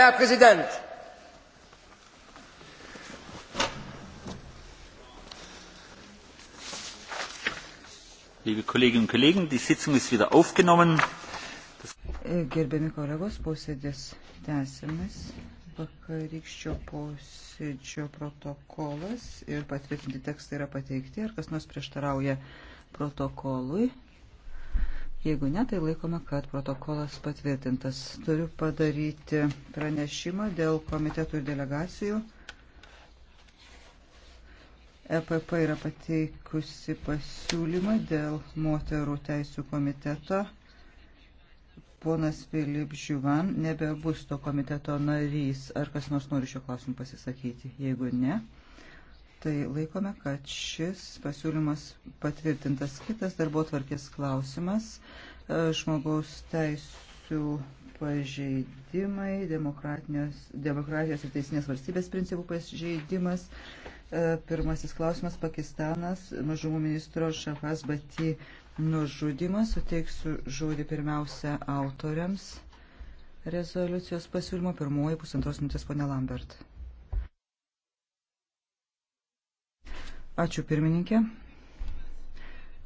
Herr Präsident! Liebe Kolleginnen und Kollegen, die Sitzung ist wieder aufgenommen. Gerbiami kolegos, posėdis tęsiamas. Vakarykščio posėdžio protokolas ir patvirtinti tekstai yra pateikti. Ar kas nors prieštarauja protokolui? Jeigu ne, tai laikome, kad protokolas patvirtintas. Turiu padaryti pranešimą dėl komitetų ir delegacijų. EPP yra pateikusi pasiūlymą dėl moterų teisų komiteto. Ponas Filip Žiuvan nebebus to komiteto narys. Ar kas nors nori šio klausimu pasisakyti? Jeigu ne, tai laikome, kad šis pasiūlymas patvirtintas. Kitas darbo tvarkės klausimas e, - žmogaus teisų pažeidimai, demokratijos ir teisinės valstybės principų pažeidimas. E, pirmasis klausimas - Pakistanas, mažumų ministro Šafas Bati nužudimas. Suteiksiu žodį pirmiausia autoriams rezoliucijos pasiūlymo pirmoji pusantros minutės, ponė Lambert. Ačiū pirmininkė.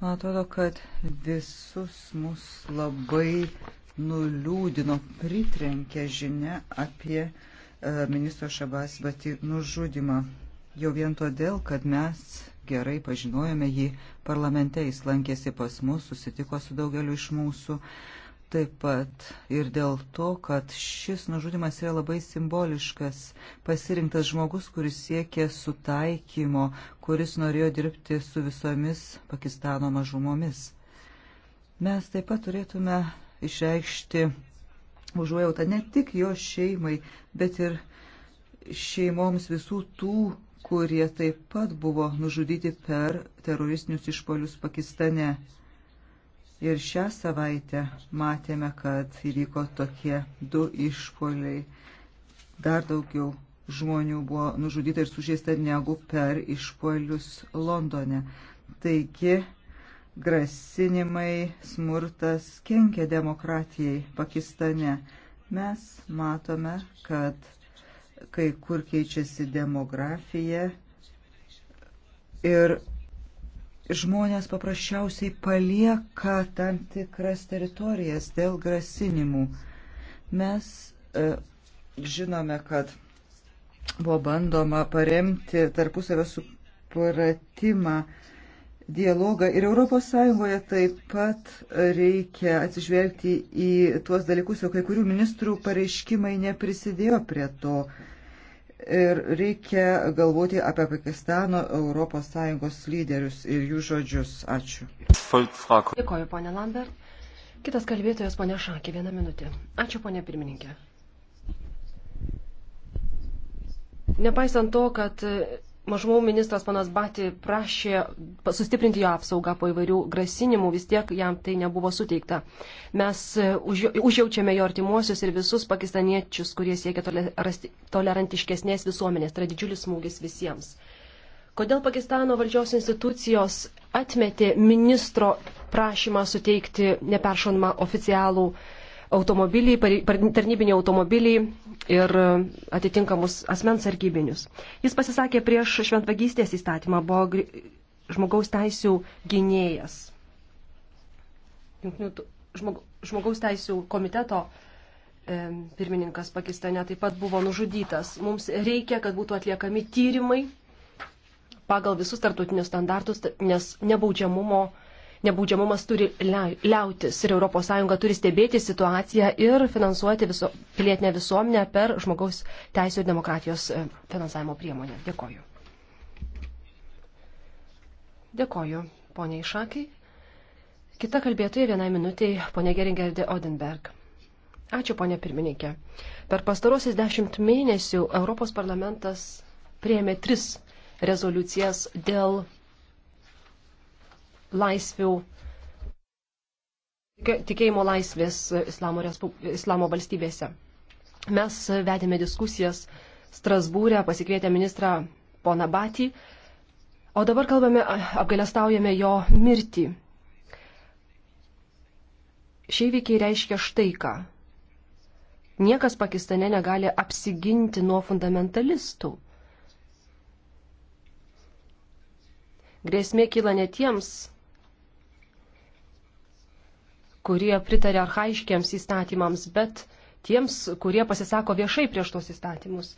Man atrodo, kad visus mus labai nuliūdino, pritrenkė žinia apie e, ministro Šabas Bati nužudimą. Jau vien todėl, kad mes gerai pažinojome jį parlamente, jis lankėsi pas mus, susitiko su daugeliu iš mūsų. Uh, taip pat ir dėl to, kad šis nužudimas yra labai simboliškas, pasirinktas žmogus, kuris siekė sutaikymo, kuris norėjo dirbti su visomis Pakistano mažumomis. Mes taip pat turėtume išreikšti užuojautą ne tik jo šeimai, bet ir šeimoms visų tų, kurie taip pat buvo nužudyti per teroristinius išpolius Pakistane. Ir šią savaitę matėme, kad įvyko tokie du išpoliai. Dar daugiau žmonių buvo nužudyta ir sužeista negu per išpolius Londone. Taigi, grasinimai, smurtas kenkia demokratijai Pakistane. Mes matome, kad kai kur keičiasi demografija ir žmonės paprasčiausiai palieka tam tikras teritorijas dėl grasinimų. Mes e, žinome, kad buvo bandoma paremti tarpusavio supratimą, dialogą ir ES taip pat reikia atsižvelgti į tuos dalykus, o kai kurių ministrų pareiškimai neprisidėjo prie to. E, Ir reikia galvoti apie Pakistano ES lyderius ir jų žodžius. Ačiū. Dėkoju, ponė Lambert. Kitas kalbėtojas, ponė Šakė, vieną minutę. Ačiū, ponė pirmininkė. Nepaisant to, kad mažumų ministras panas Bati prašė sustiprinti jo apsaugą po įvairių grasinimų, vis tiek jam tai nebuvo suteikta. Mes e, užjaučiame jo artimuosius ir visus pakistaniečius, kurie siekia tolerantiškesnės visuomenės. Tai yra didžiulis smūgis visiems. Kodėl Pakistano valdžios institucijos atmetė ministro prašymą suteikti neperšonimą oficialų uh, automobiliai, tarnybiniai automobiliai ir atitinkamus asmens sargybinius. Jis pasisakė prieš šventvagystės įstatymą, buvo žmogaus teisų gynėjas. Žmogaus teisų komiteto e, pirmininkas Pakistane taip pat buvo nužudytas. Mums reikia, kad būtų atliekami tyrimai pagal visus tartutinius standartus, nes nebaudžiamumo uh, nebaudžiamumas turi liautis ir ES turi stebėti situaciją ir finansuoti viso, pilietinę visuomenę per žmogaus teisų ir demokratijos e, finansavimo priemonę. Dėkoju. Dėkoju, poniai Šakai. Kita kalbėtoja vienai minutiai, ponė Geringerdė Odenberg. Ačiū, ponė pirmininkė. Per pastarosius dešimt mėnesių Europos parlamentas prieėmė tris rezoliucijas dėl laisvių, tikėjimo laisvės Islamo, Islamo valstybėse. Mes vedėme diskusijas Strasbūrė, pasikvietė ministrą poną Batį, o dabar kalbame, apgalestaujame jo mirtį. Šie įvykiai reiškia štai ką. Niekas Pakistane negali apsiginti nuo fundamentalistų. Grėsmė kyla ne tiems, kurie pritarė arhaiškiams įstatymams, bet tiems, kurie pasisako viešai prieš tos įstatymus.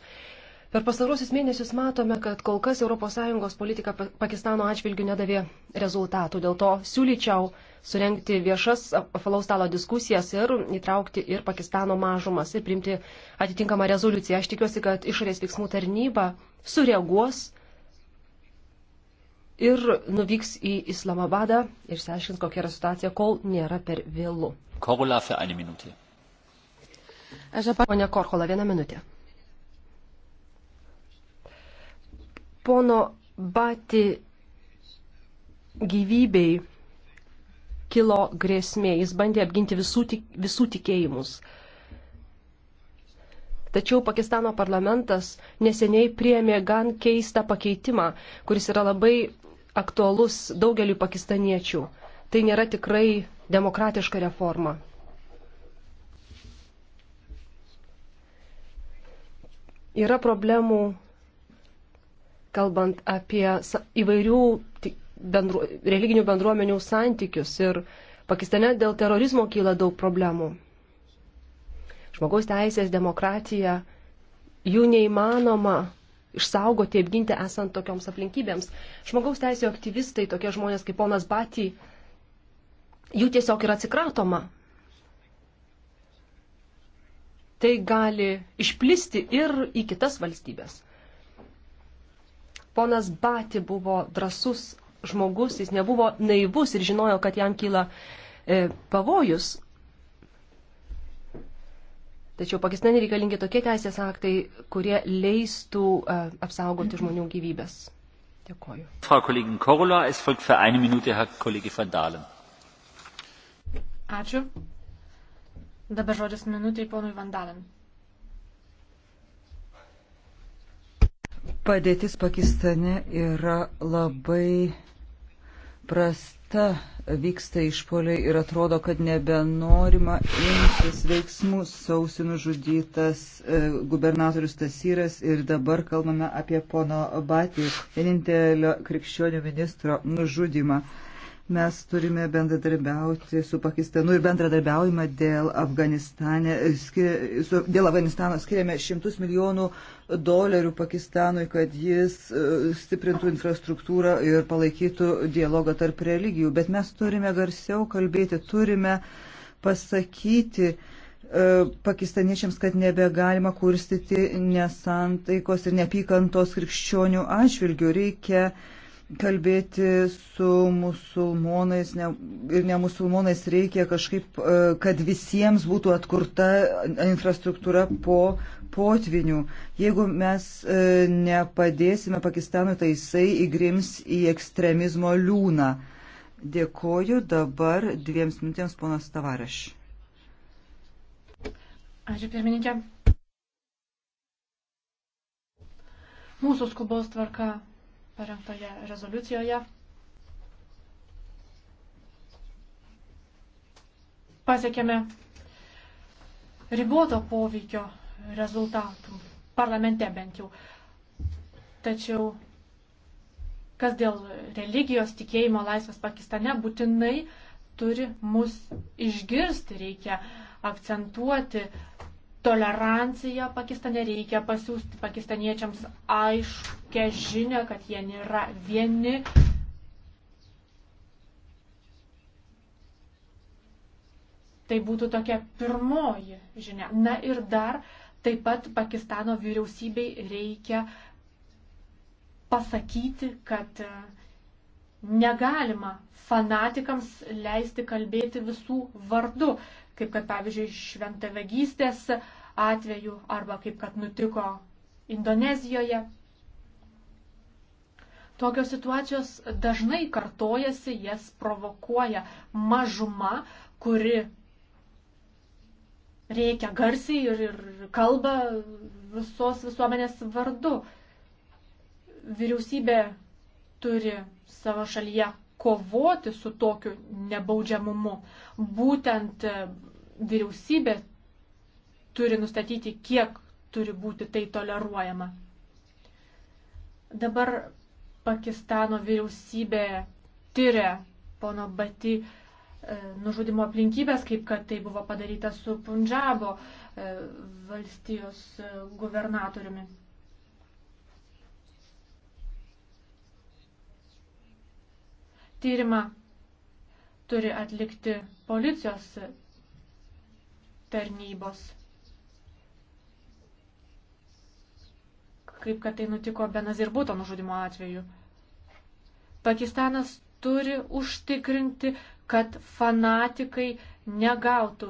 Per pastarosius mėnesius matome, kad kol kas ES politika Pakistano atžvilgių nedavė rezultatų. Dėl to siūlyčiau surenkti viešas apvalaus stalo diskusijas ir įtraukti ir Pakistano mažumas ir priimti atitinkamą rezoliuciją. Aš tikiuosi, kad išorės veiksmų tarnyba sureaguos ir nuvyks į Islamabadą ir išsiaiškins, kokia yra situacija, kol nėra per vėlų. Korula, per vieną minutę. Aš dabar, ponia Korhola, vieną minutę. Pono Bati gyvybei kilo grėsmė, jis bandė apginti visų, tik, visų tikėjimus. Tačiau Pakistano parlamentas neseniai priemė gan keistą pakeitimą, kuris yra labai aktualus daugeliu pakistaniečių. Tai nėra tikrai demokratiška reforma. Yra problemų, kalbant apie įvairių bendru, religinių bendruomenių santykius ir Pakistane dėl terorizmo kyla daug problemų. Žmogaus teisės, demokratija, jų neįmanoma išsaugoti, apginti esant tokioms aplinkybėms. Žmogaus teisėjo aktyvistai, tokie žmonės kaip ponas Batį, jų tiesiog yra atsikratoma. Tai gali išplisti ir į kitas valstybės. Ponas Bati buvo drasus žmogus, jis nebuvo naivus ir žinojo, kad jam kyla e, pavojus. Tačiau Pakistane reikalingi tokie teisės aktai, kurie leistų e, apsaugoti žmonių gyvybės. Dėkoju. Ačiū. Dabar žodis minutė į ponui Vandalin. Padėtis Pakistane yra labai prasta vyksta išpoliai ir atrodo, kad nebenorima imtis veiksmų. Sausi nužudytas e, gubernatorius Tasyras ir dabar kalbame apie pono Batį, vienintelio krikščionių ministro nužudymą. Mes turime bendradarbiauti su Pakistanu ir bendradarbiaujama dėl, Afganistane, dėl Afganistano skiriame šimtus milijonų dolerių Pakistanui, kad jis e, stiprintų infrastruktūrą ir palaikytų dialogą tarp religijų. Bet mes turime garsiau kalbėti, turime pasakyti, e, pakistaniečiams, kad nebegalima kurstyti nesantaikos ir nepykantos krikščionių atžvilgių. Reikia uh, kalbėti su musulmonais ne, ir nemusulmonais reikia kažkaip, e, kad visiems būtų atkurta infrastruktūra po potvinių. Jeigu mes e, nepadėsime Pakistanui, tai jisai įgrims į ekstremizmo liūną. Dėkoju dabar dviems minutėms ponas Tavaraš. Ačiū pirmininkė. Mūsų skubos tvarka parengtoje rezoliucijoje. Pasiekėme riboto poveikio rezultatų, parlamente bent jau. Tačiau kas dėl religijos tikėjimo laisvės Pakistane būtinai turi mus išgirsti, reikia akcentuoti toleranciją Pakistane reikia pasiūsti pakistaniečiams aiškę žinę, kad jie nėra vieni. Tai būtų tokia pirmoji žinia. Na ir dar taip pat Pakistano vyriausybei reikia pasakyti, kad e, negalima fanatikams leisti kalbėti visų vardu, kaip kad pavyzdžiui šventavagystės uh, atveju arba kaip kad nutiko Indonezijoje. Tokios situacijos dažnai kartojasi, jas provokuoja mažuma, kuri reikia garsiai ir, ir kalba visos visuomenės vardu. Vyriausybė turi savo šalyje kovoti su tokiu nebaudžiamumu. Būtent vyriausybė turi nustatyti, kiek turi būti tai toleruojama. Dabar Pakistano vyriausybė tyria pono Bati e, nužudimo aplinkybės, kaip kad tai buvo padaryta su Punjabo e, valstijos e, gubernatoriumi. Tyrimą turi atlikti policijos tarnybos. kaip kad tai nutiko Benazirbuto nužudimo atveju. Pakistanas turi užtikrinti, kad fanatikai negautų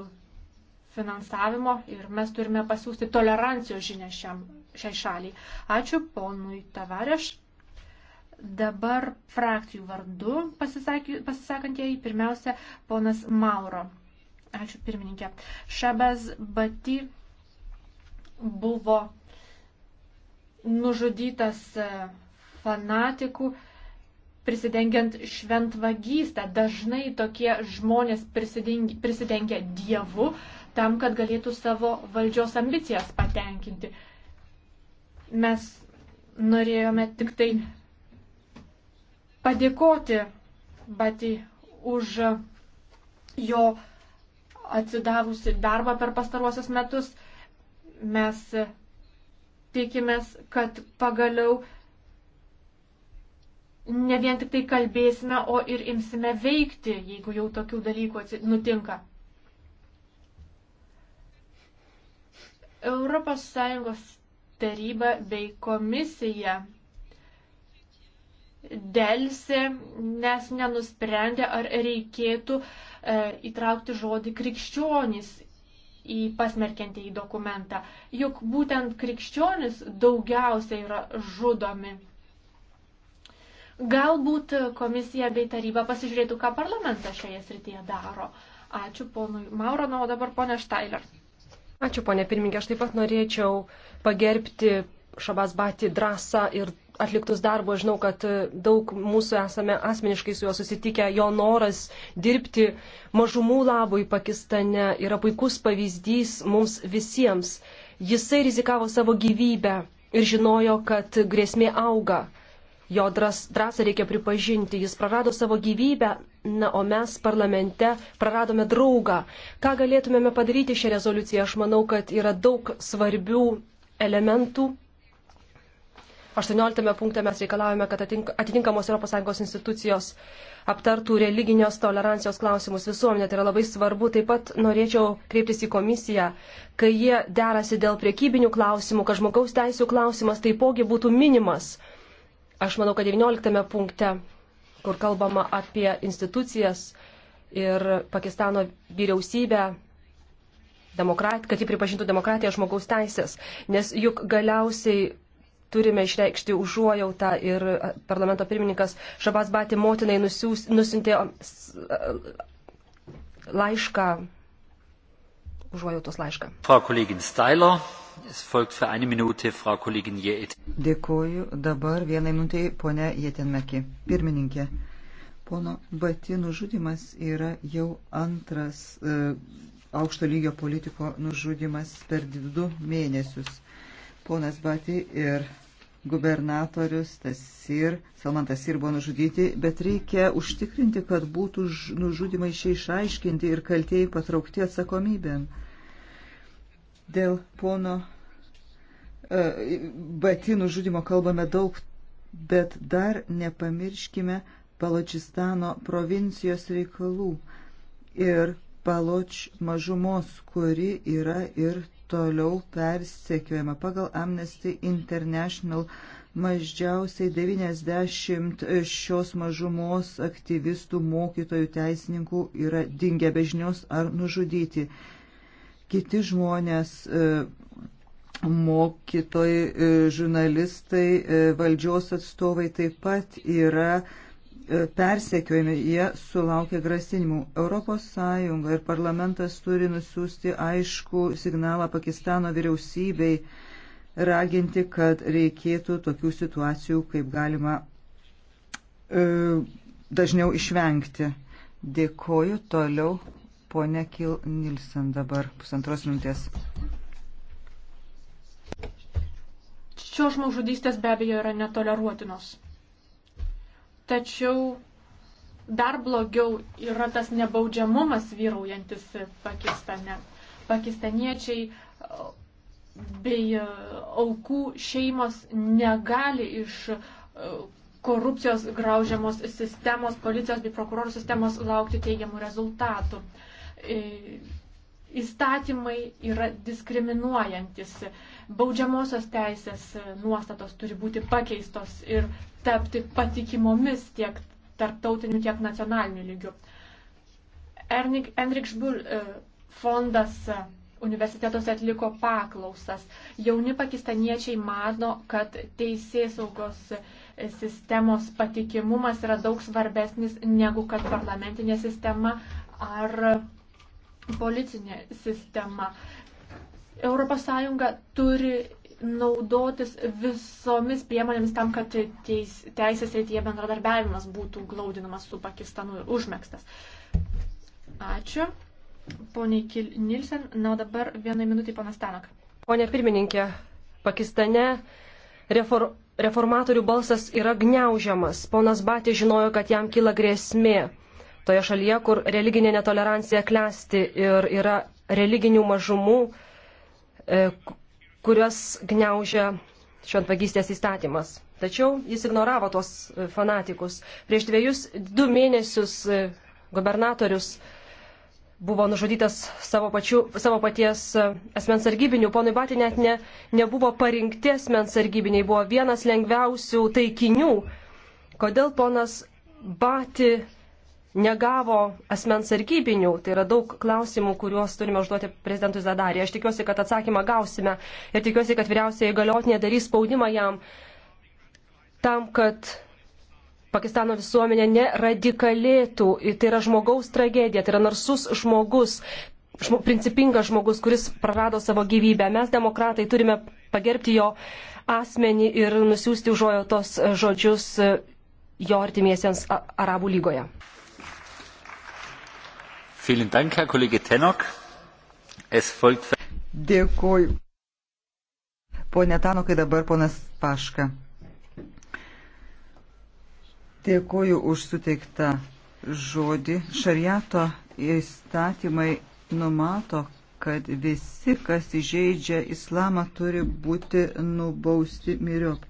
finansavimo ir mes turime pasiūsti tolerancijos žinę šiam, šiai šaliai. Ačiū ponui Tavareš. Dabar frakcijų vardu pasisakantieji pirmiausia ponas Mauro. Ačiū pirmininkė. Šabas Bati buvo nužudytas e, fanatikų prisidengiant šventvagystę. Dažnai tokie žmonės prisidengia dievu tam, kad galėtų savo valdžios ambicijas patenkinti. Mes norėjome tik tai padėkoti Bati už jo atsidavusi darbą per pastaruosius metus. Mes tikimės, kad pagaliau ne vien tik tai kalbėsime, o ir imsime veikti, jeigu jau tokių dalykų nutinka. ES taryba bei komisija dėlsi, nes nenusprendė, ar reikėtų e, įtraukti žodį krikščionys į pasmerkiantį į dokumentą. Juk būtent krikščionis daugiausia yra žudomi. Galbūt komisija bei taryba pasižiūrėtų, ką parlamentas šioje srityje daro. Ačiū ponui Mauro, na o dabar ponė Štailer. Ačiū ponė pirmininkė, aš taip pat norėčiau pagerbti Šabasbatį drąsą ir atliktus darbus. Aš žinau, kad e, daug mūsų esame asmeniškai su juo susitikę. Jo noras dirbti mažumų labui Pakistane yra puikus pavyzdys mums visiems. Jisai rizikavo savo gyvybę ir žinojo, kad grėsmė auga. Jo drąsą reikia pripažinti, jis prarado savo gyvybę, na, o mes parlamente praradome draugą. Ką galėtumėme padaryti šią rezoliuciją? Aš manau, kad yra daug svarbių elementų 18 punkte mes reikalavome, kad atitinkamos ES institucijos aptartų religinios tolerancijos klausimus visuomenė. Tai yra labai svarbu. Taip pat norėčiau kreiptis į komisiją, kai jie derasi dėl priekybinių klausimų, kad žmogaus teisų klausimas taipogi būtų minimas. Aš manau, kad 19 punkte, kur kalbama apie institucijas ir Pakistano vyriausybę, demokrat, kad ji pripažintų demokratiją žmogaus teisės, nes juk galiausiai turime išreikšti užuojautą ir parlamento pirmininkas Šabas Bati motinai nusiūs, nusintė laišką, užuojautos laišką. Frau Kollegin Steiler. Minute, Dėkuoju dabar vienai minutai ponia Jėtinmekį. Pirmininkė, pono Bati nužudimas yra jau antras e, aukšto lygio politiko nužudimas per du mėnesius. E, Ponas Bati ir gubernatorius Tasir, Salmantas ir buvo nužudyti, bet reikia užtikrinti, kad būtų nužudimai šiai išaiškinti ir kaltieji patraukti atsakomybėn. Dėl pono e, Bati nužudimo kalbame daug, bet dar nepamirškime Paločistano provincijos reikalų ir Paloč mažumos, kuri yra ir toliau persekiojama. Pagal Amnesty International mažiausiai 90 šios mažumos aktyvistų, mokytojų, teisininkų yra dingę bežnios ar nužudyti. Kiti žmonės, e, mokytojai, e, žurnalistai, e, valdžios atstovai taip pat yra E, persekiojami, jie sulaukia grasinimų. ES ir parlamentas turi nusiųsti aišku signalą Pakistano vyriausybei, raginti, kad reikėtų tokių situacijų kaip galima e, dažniau išvengti. Dėkoju toliau, ponė Kil Nilsen dabar pusantros minutės. Šios žmogžudystės be abejo yra netoleruotinos Tačiau dar blogiau yra tas nebaudžiamumas vyraujantis Pakistane. Pakistaniečiai e, bei e, aukų šeimos negali iš e, korupcijos graužiamos sistemos, policijos bei prokurorų sistemos laukti teigiamų rezultatų įstatymai yra diskriminuojantis. Baudžiamosios teisės nuostatos turi būti pakeistos ir tapti patikimomis tiek tarptautiniu, tiek nacionaliniu lygiu. Enrik Šbul e, fondas e, universitetuose atliko paklausas. Jauni pakistaniečiai mano, kad teisės saugos sistemos patikimumas yra daug svarbesnis negu kad parlamentinė sistema ar policinė sistema. ES turi naudotis visomis priemonėmis tam, kad teis, teisės reityje bendradarbiavimas būtų glaudinamas su Pakistanu ir užmėgstas. Ačiū. Pone Kil Nilsen, na dabar vienai minutį panastanok. Pone pirmininkė, Pakistane refor, reformatorių balsas yra gniaužiamas. Ponas Batė žinojo, kad jam kyla grėsmė toje šalyje, kur religinė netolerancija klesti ir yra religinių mažumų, e, kurias gneužia šventvagystės įstatymas. Tačiau jis ignoravo tos e, fanatikus. Prieš dviejus, du mėnesius e, gubernatorius buvo nužudytas savo, pačių, savo paties asmens sargybinių. Ponui Batį net ne, nebuvo parinkti asmens sargybiniai, buvo vienas lengviausių taikinių. Kodėl ponas Batį negavo asmens sargybinių. Tai yra daug klausimų, kuriuos turime užduoti prezidentui Zadarį. Aš tikiuosi, kad atsakymą gausime ir tikiuosi, kad vyriausiai galiotinė darys spaudimą jam tam, kad Pakistano visuomenė neradikalėtų. Tai yra žmogaus tragedija, tai yra narsus žmogus, žmo, principingas žmogus, kuris prarado savo gyvybę. Mes, demokratai, turime pagerbti jo asmenį ir nusiųsti užuojotos žodžius jo artimiesiems Arabų lygoje. Dėkuoju. Pone Tanokai, dabar ponas Paška. Dėkuoju už suteiktą žodį. Šariato įstatymai numato, kad visi, kas įžeidžia islamą, turi būti nubausti miriop.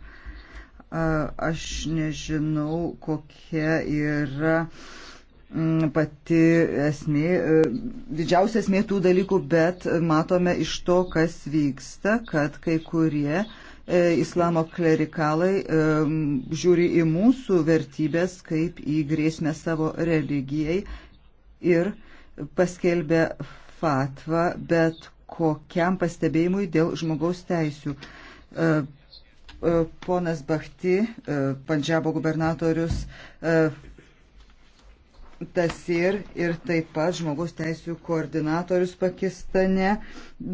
Aš nežinau, kokia yra uh, Mm, pati esmė, e, didžiausia esmė tų dalykų, bet matome iš to, kas vyksta, kad kai kurie e, islamo klerikalai e, žiūri į mūsų vertybės kaip į grėsmę savo religijai ir paskelbė fatvą bet kokiam pastebėjimui dėl žmogaus teisių. Ponas Bahti, Pandžiabo gubernatorius, Tasir ir taip pat žmogaus teisų koordinatorius Pakistane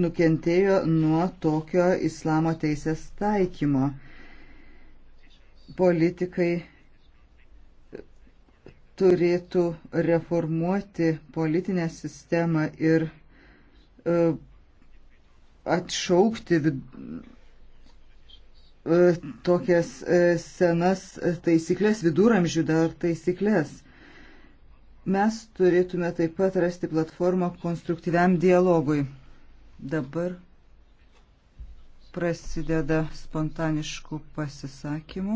nukentėjo nuo tokio islamo teisės taikymo. Politikai turėtų reformuoti politinę sistemą ir uh, atšaukti vid, uh, tokias uh, senas taisyklės, viduramžių dar taisyklės Mes turėtume taip pat rasti platformą konstruktyviam dialogui. Dabar prasideda spontaniškų pasisakymų.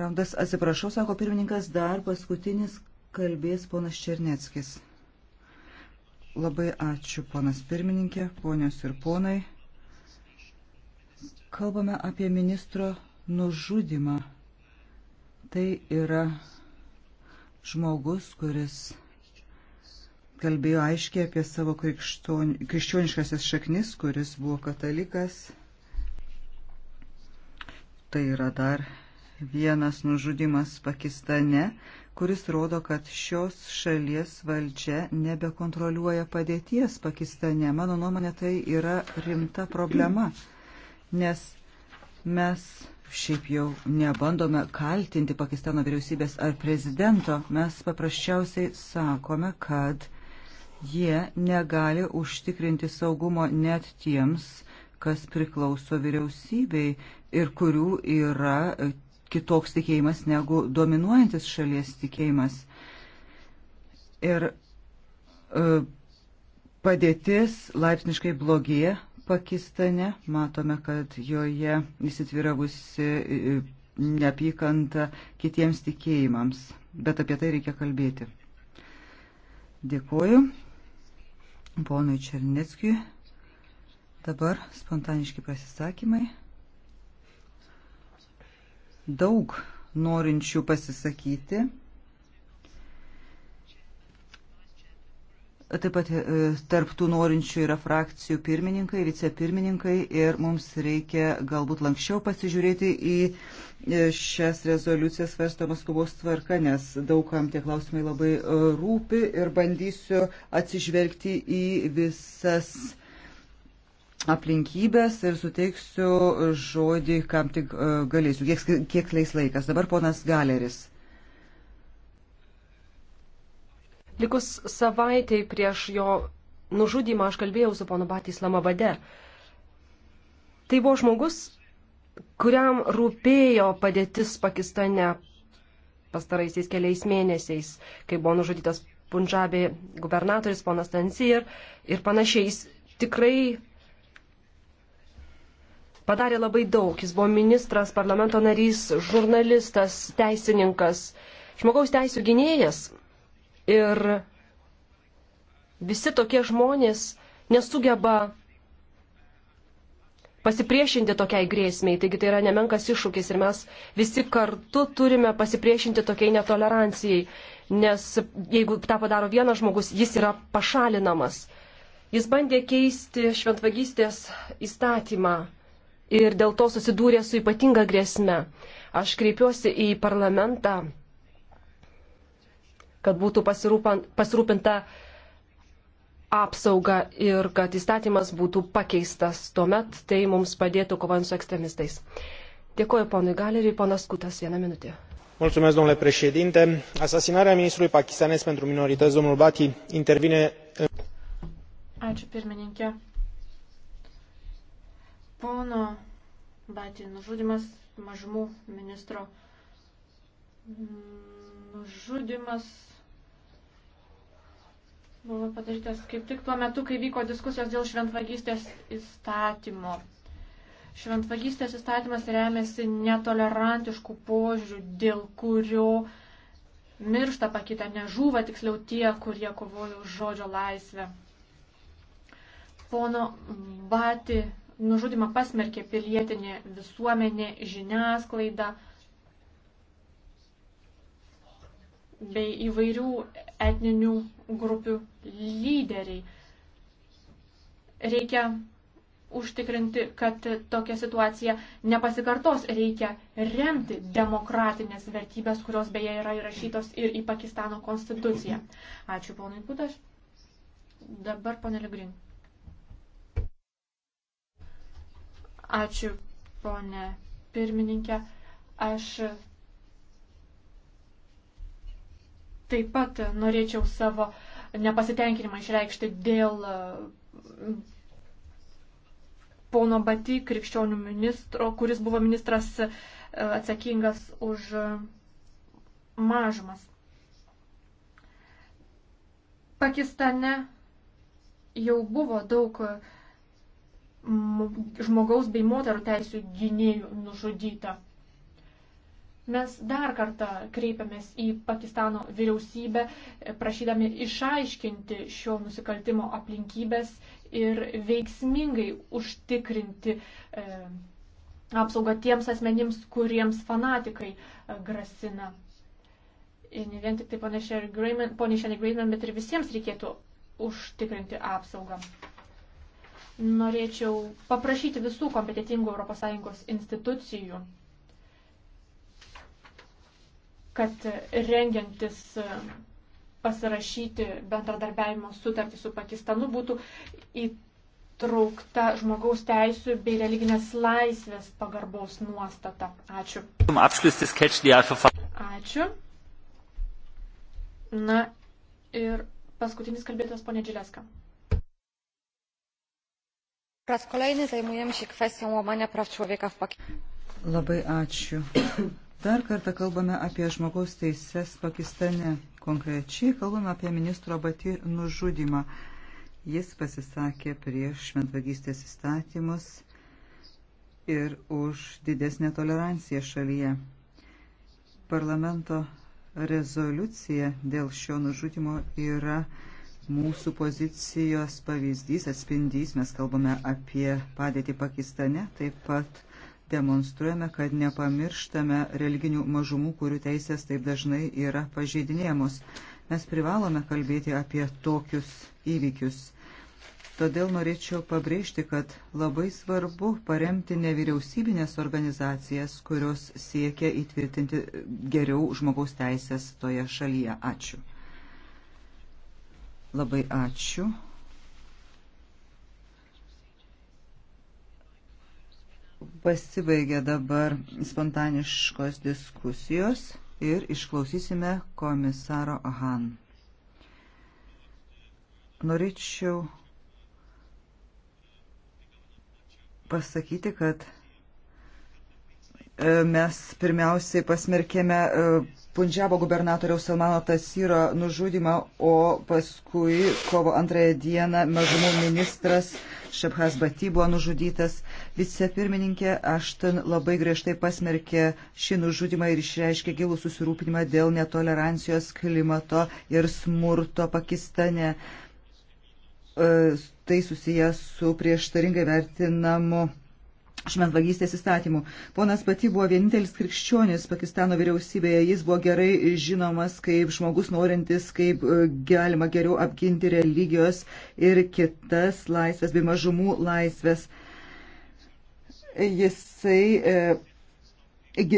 Ramdas, atsiprašau, sako pirmininkas, dar paskutinis kalbės ponas Černeckis. Labai ačiū, ponas pirmininkė, ponios ir ponai. Kalbame apie ministro nužudimą. Tai yra žmogus, kuris kalbėjo aiškiai apie savo krikščioniškasias šaknis, kuris buvo katalikas. Tai yra dar vienas nužudimas Pakistane, kuris rodo, kad šios šalies valdžia nebekontroliuoja padėties Pakistane. Mano nuomonė, tai yra rimta problema, nes mes šiaip jau nebandome kaltinti Pakistano vyriausybės ar prezidento, mes paprasčiausiai sakome, kad jie negali užtikrinti saugumo net tiems, kas priklauso vyriausybei ir kurių yra kitoks tikėjimas negu dominuojantis šalies tikėjimas. Ir e, padėtis laipsniškai blogėja, Pakistane. Matome, kad joje įsitviravusi e, neapykanta kitiems tikėjimams. Bet apie tai reikia kalbėti. Dėkuoju ponui Černeckiui. Dabar spontaniški pasisakymai. Daug norinčių pasisakyti. Taip pat e, tarptų norinčių yra frakcijų pirmininkai, vicepirmininkai ir mums reikia galbūt lankščiau pasižiūrėti į e, šias rezoliucijas svarstamas skubos tvarka, nes daugam tie klausimai labai e, rūpi ir bandysiu atsižvelgti į visas aplinkybės ir suteiksiu žodį, kam tik galėsiu, kiek, kiek leis laikas. Dabar ponas Galeris. Likus savaitėj prieš jo nužudymą aš kalbėjau su ponu Batys Lamabade. Tai buvo žmogus, kuriam rūpėjo padėtis Pakistane pastaraisiais keliais mėnesiais, kai buvo nužudytas Punžabė gubernatorius ponas Tansir ir panašiai. Jis tikrai padarė labai daug. Jis buvo ministras, parlamento narys, žurnalistas, teisininkas, žmogaus teisų gynėjas. Ir visi tokie žmonės nesugeba pasipriešinti tokiai grėsmiai. Taigi tai yra nemenkas iššūkis ir mes visi kartu turime pasipriešinti tokiai netolerancijai, nes jeigu tą padaro vienas žmogus, jis yra pašalinamas. Jis bandė keisti šventvagystės įstatymą ir dėl to susidūrė su ypatinga grėsme. Aš kreipiuosi į parlamentą kad būtų pasirūpinta apsauga ir kad įstatymas būtų pakeistas. Tuomet tai mums padėtų kovant su ekstremistais. Dėkuoju ponui Galeriui, ponas Kutas, vieną minutę. Mulțumesc, domnule președinte. Asasinarea ministrului pakistanez pentru minorități, domnul Bati, intervine... Ačiū pirmininkė. Pono Bati nužudimas mažumų ministro nužudimas buvo padarytas kaip tik tuo metu, kai vyko diskusijos dėl šventvagystės įstatymo. Šventvagystės įstatymas remiasi netolerantiškų požiūrių, dėl kurio miršta pakitę, nežūva tiksliau tie, kurie kovojo už žodžio laisvę. Pono Bati nužudimą pasmerkė pilietinė visuomenė, žiniasklaida bei įvairių etninių grupių lyderiai. Reikia užtikrinti, kad tokia situacija nepasikartos. Reikia remti demokratinės vertybės, kurios beje yra įrašytos ir į Pakistano konstituciją. Ačiū, ponai Kudaš. Dabar, ponė Ligrin. Ačiū, ponė pirmininkė. Aš Taip pat norėčiau savo nepasitenkinimą išreikšti dėl e, pono Bati, krikščionių ministro, kuris buvo ministras e, atsakingas už e, mažumas. Pakistane jau buvo daug žmogaus bei moterų teisų gynėjų nužudyta. Mes dar kartą kreipiamės į Pakistano vyriausybę, prašydami išaiškinti šio nusikaltimo aplinkybės ir veiksmingai užtikrinti e, apsaugą tiems asmenims, kuriems fanatikai e, grasina. Ir ne vien tik tai poniai Šenė Greiman, bet ir visiems reikėtų užtikrinti apsaugą. Norėčiau paprašyti visų kompetitingų ES institucijų kad rengiantis e, pasirašyti bendradarbiavimo sutartį su Pakistanu būtų įtraukta žmogaus teisų bei religinės laisvės pagarbos nuostata. Ačiū. Ačiū. Na ir paskutinis kalbėtas ponė Džileska. Raz kolejny zajmujemy się kwestią łamania praw człowieka w Pakistanie. Labai ačiū. Dar kartą kalbame apie žmogaus teises Pakistane. Konkrečiai kalbame apie ministro Bati nužudimą. Jis pasisakė prieš šventvagystės įstatymus ir už didesnę toleranciją šalyje. Parlamento rezoliucija dėl šio nužudimo yra mūsų pozicijos pavyzdys, atspindys. Mes kalbame apie padėtį Pakistane, taip pat demonstruojame, kad nepamirštame religinių mažumų, kurių teisės taip dažnai yra pažeidinėjamos. Mes privalome kalbėti apie tokius įvykius. Todėl norėčiau pabrėžti, kad labai svarbu paremti nevyriausybinės organizacijas, kurios siekia įtvirtinti geriau žmogaus teisės toje šalyje. Ačiū. Labai ačiū. Pasibaigė dabar spontaniškos diskusijos ir išklausysime komisaro Han. Norėčiau pasakyti, kad e, mes pirmiausiai pasmerkėme e, Punčiabo gubernatoriaus Salmano Tasyro nužudimą, o paskui kovo antrąją dieną mažumų ministras Šabhas Bati buvo nužudytas. Vicepirmininkė Ašten labai griežtai pasmerkė šį nužudimą ir išreiškė gilų susirūpinimą dėl netolerancijos klimato ir smurto Pakistane. E, tai susijęs su prieštaringai vertinamu šventvagystės įstatymų. Ponas Pati buvo vienintelis krikščionis Pakistano vyriausybėje. Jis buvo gerai žinomas kaip žmogus norintis, kaip e, galima geriau apginti religijos ir kitas laisvės bei mažumų laisvės jisai e,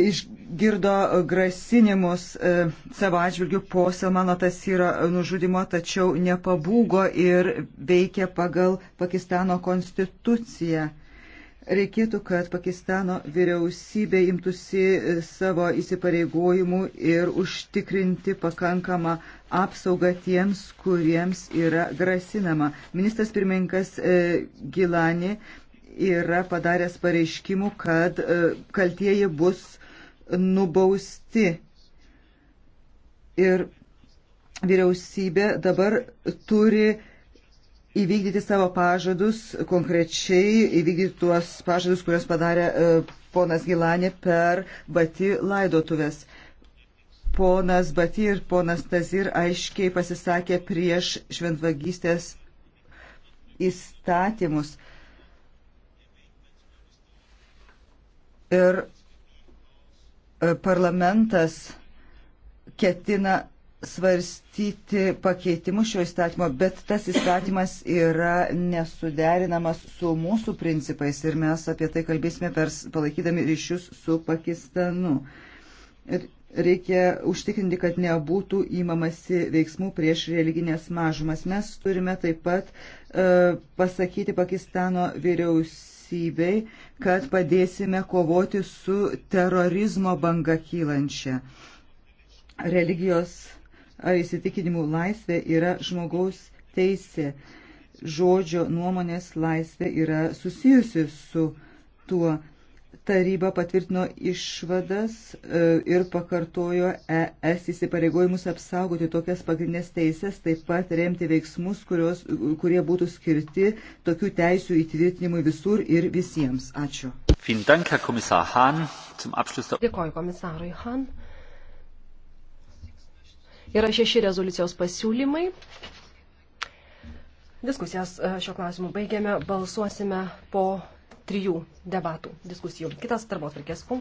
išgirdo grasinimus e, savo atžvilgių po Salmano Tasyro nužudimo, tačiau nepabūgo ir veikė pagal Pakistano konstituciją. Reikėtų, kad Pakistano vyriausybė imtųsi e, savo įsipareigojimų ir užtikrinti pakankamą apsaugą tiems, kuriems yra grasinama. Ministras pirmininkas Gilani yra padaręs pareiškimų, kad e, kaltieji bus nubausti. Ir vyriausybė dabar turi įvykdyti savo pažadus, konkrečiai įvykdyti tuos pažadus, kuriuos padarė e, ponas Gilanė per Bati laidotuvės. Ponas Bati ir ponas Tazir aiškiai pasisakė prieš šventvagystės įstatymus. ir e, parlamentas ketina svarstyti pakeitimus šio įstatymo, bet tas įstatymas yra nesuderinamas su mūsų principais ir mes apie tai kalbėsime per palaikydami ryšius su Pakistanu. Ir reikia užtikrinti, kad nebūtų įmamasi veiksmų prieš religinės mažumas. Mes turime taip pat e, pasakyti Pakistano vyriausybės vyriausybei, kad padėsime kovoti su terorizmo banga kylančia. Religijos įsitikinimų laisvė yra žmogaus teisė. Žodžio nuomonės laisvė yra susijusi su tuo taryba patvirtino išvadas e, ir pakartojo ES įsipareigojimus apsaugoti tokias pagrindinės teises, taip pat remti veiksmus, kurios, kurie būtų skirti tokių teisių įtvirtinimui visur ir visiems. Ačiū. Dėkoju komisarui Han. Yra šeši rezoliucijos pasiūlymai. Diskusijas e, šio klausimu baigėme, balsuosime po trijų debatų diskusijų. Kitas darbos reikės punktas.